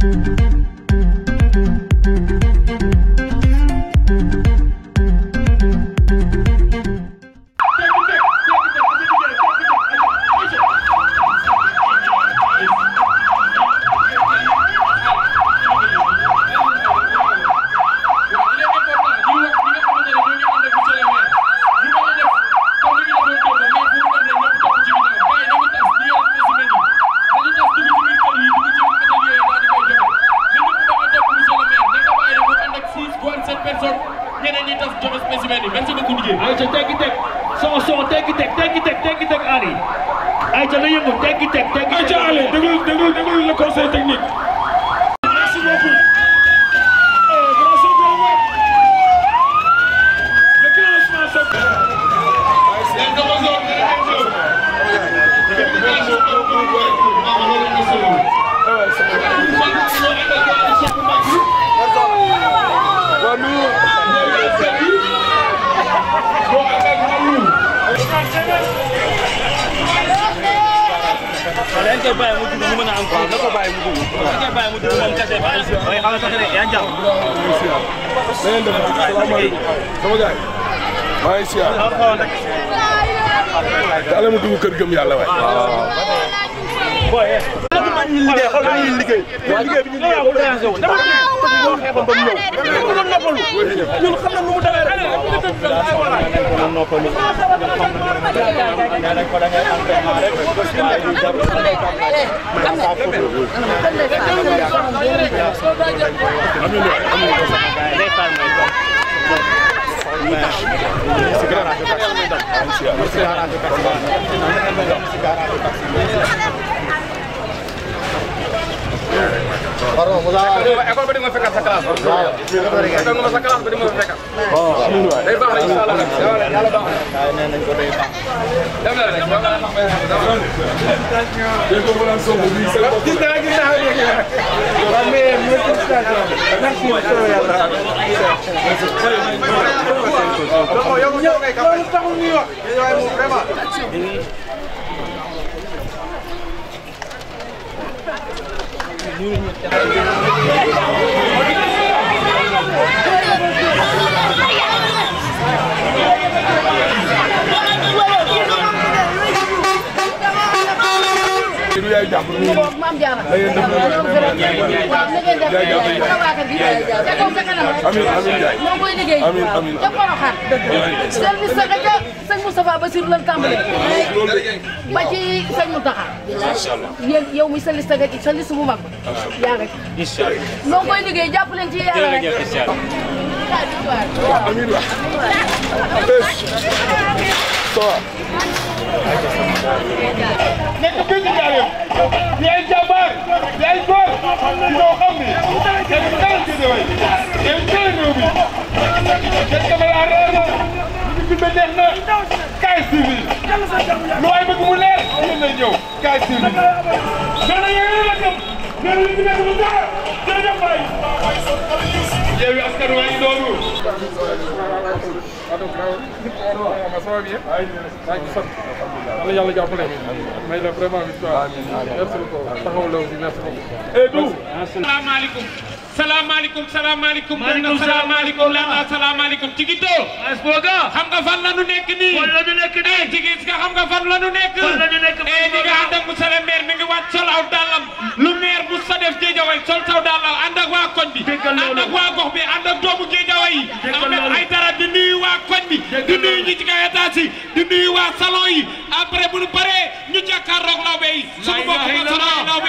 thank you ñeneen ñi def joxe spécimen yi merci beaucoup Didier. ayca teggi teg son son teggi teg teggi teg teggi teg Ali ayca la yëngu teggi teg teggi teg. ayca Ali déglu déglu déglu le dañ koy bàyyi mu dugg mu mën a am. waaw na ko bàyyi mu dugg. waaw dañ koy bàyyi mu dugg moom kese ba. waaye xaw ma sax ne yaa ngi jàmm. beneen def salaamaaleykum sama gars yi maa ngi siyaar. daal ma dugg kër gëm yàlla waay. waaw. booy. liggéey xool liggéey. liggéey bi ñu liggéey moo xeexoon ba mu ñëw ñun mënoon noppalu ñun xam na nu mu demee rek mënoon noppalu nee nañ ko da ngay entraînement rek waaye du jàpp man saa foofu si garage taxi si garage taxi si garage taxi waaw école ba di nga fekkat sa ko day baax. dem na rek. dégg nga maanaam Sow bii seen bopp. gis naa gis naa dégg naa. Thank you. Amiin di ay jàmbaar di ay góor ñoo xam ni kenn ku nekk ci réew mi kenn ku nekk réew mi kenn ku nekk réew mi ñu ngi bind neex na KS TV lu waay bëgg mu leer yéen lay ñëw KS TV. Yewwi Askan Wi noonu wala yàlla jàppale may la vraiment victoire merci beaucoup taxaw la aussi merci beaucoup edou salaamaaleykum salaamaaleykum salaamaaleykum maaleykum salaamaaleykum la salaamaaleykum tigito asboga ah. xam nga fan la ñu nekk nii fan la ñu nekk nii eh, tigis nga xam nga fan la ñu nekk fan la ñu nekk e eh, di nga ànd ak monsieur le maire mi ngi wàcc sol aw dàllam lu maire bu sa def jéjaway sol saw dàllam ànd ak waa gox bi ànd ak doomu Guédiawaye yi Ahmed Aïdara di nuyu waa koñ bi di nuyu ñi ci kaw étage yi di nuyu waa salon yi après bu ñu paree ñu jàkkaarloog lawbe yi suñu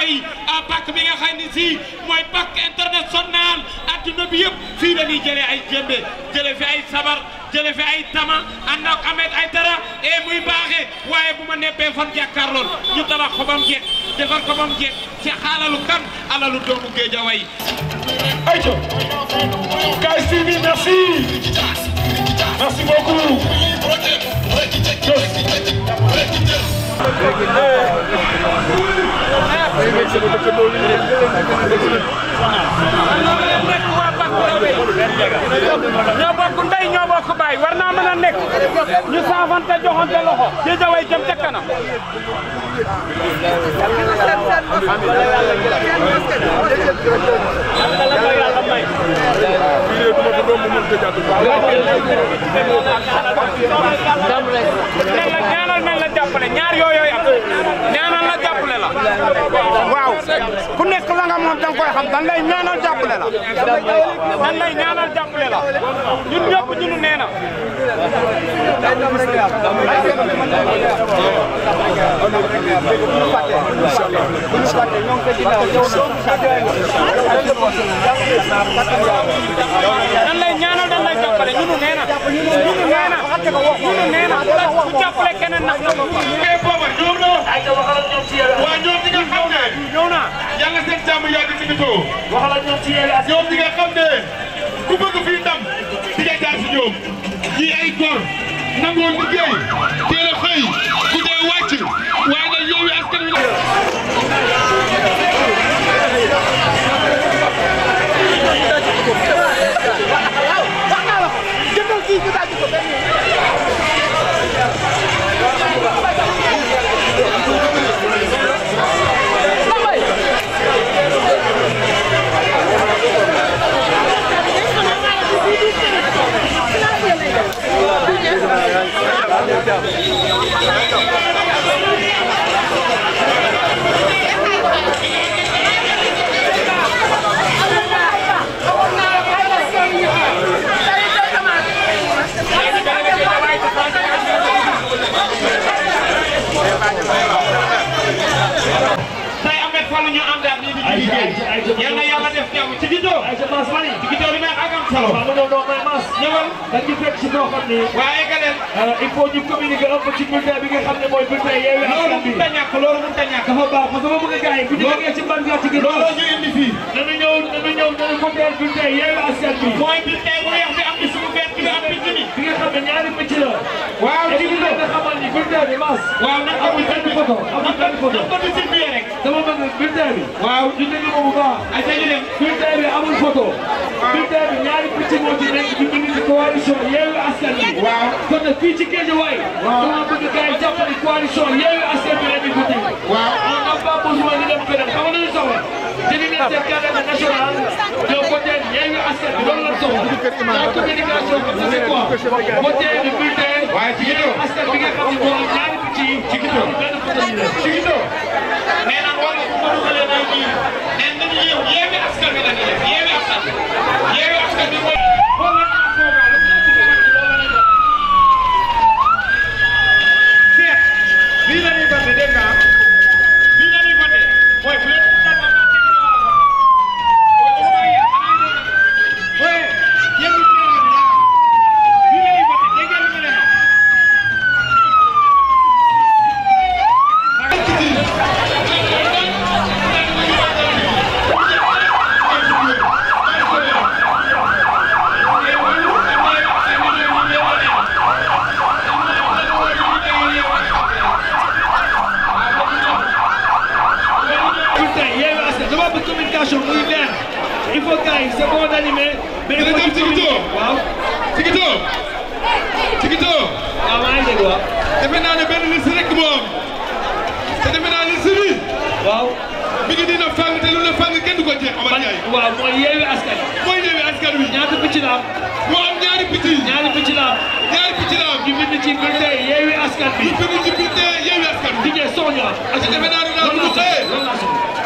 yi à pàkk bi nga xam ne si mooy pàkk international adduna bi yëpp fii dañuy jëlee ay jëmbe jëlee fi ay sabar jële fi ay tama ànd ak Ahmed Aïdara e muy baaxee waaye bu ma nebbee fan jàkkaarlool ñu tabax ko ba mu jeex defar ko ba mu jeex ci xaalalu kan alalu doomu Géejawaay ayca Gaye Siby merci merci beaucoup. ñoo bokk ndey ñoo bokk baay war naa mën a nekk ñu saafante joxante loxo Guédiawaye jëm ca kanam la ñaanal nañ la jàppale ñaar yooyu am ñaanal la jàppale la xam dañ lay ñaanal jàppale la dañ lay ñaanal jàppale la ñun ñëpp ñunu nee jàppale ñunu nee na ñunu nee na ñunu nee na ku jàppale keneen nag ñoom ñoom la waa ñoom ñi nga xam ne ñëw na yàlla seen jàmm yàgg ci bitoo ñoom ñi nga xam ne ku bëgg fii ndam di nga jaar si ñoom ñi ay góor nangoo liggéey teel a xëy ku dee wàcc waaye nag yow askan wi la yal na yàlla def jàmm ci Guido. ci Guido li may agam solo. ñëwal. dañu fekk ci koo xam ni. waaye ka leen. Euh, il faut ñu communiquer un peu ci bulletin bi nga xam ne mooy bulletin Yewwi Askan Wi. loolu mënut a ñàkk loolu mënut a ñàkk. dafa baax parce que bëgg a gars yi bu ñu bëggee ci mbañ ci Guido. loolu ñu indi fii. dana ñëw dana ñëw dana voté bulletin Yewwi Askan Wi. mooy bulletin bu weex xam ne ñaari picc la. waaw ci biir nga xamal ni bulletin bi maas. waaw nag amul benn photo amul benn photo. ndax bëgg circulé rek. dama bëgg bulletin bi. waaw ñu déglu ko bu baax. ay sa ñu dem. bulletin bi amul photo. waaw bulletin bi ñaari picc moo ci nekk ñu bind ci coalition Yewwi Askan Wi. waaw kon nag fii ci Guédiawaye. waaw dama bëgg gars yi jàpp ne coalition Yewwi Askan Wi rek ñu voté. waaw on n'a pas besoin ñu dem feneen xam nga dañu soxla. dinañ leen seen carré national. yeewu askan bi loolu la soxla la communication xam nga c'est quoi voté le bulletin waaye ci ginnaaw askan bi nga xam ne moom ñaari picc yi ci ginnaaw ci ginnaaw nee na wala ku ko dugalee nay nii waaw mooy yeewi askan mooy yeewi askan wi ñaata picc la am moo am ñaari picc ñaari picc la am ñaari picc la am ñu bind ci bi ñu bind ci bulletin yeewi askan bi di ngeen soxna ci defe naa ne daal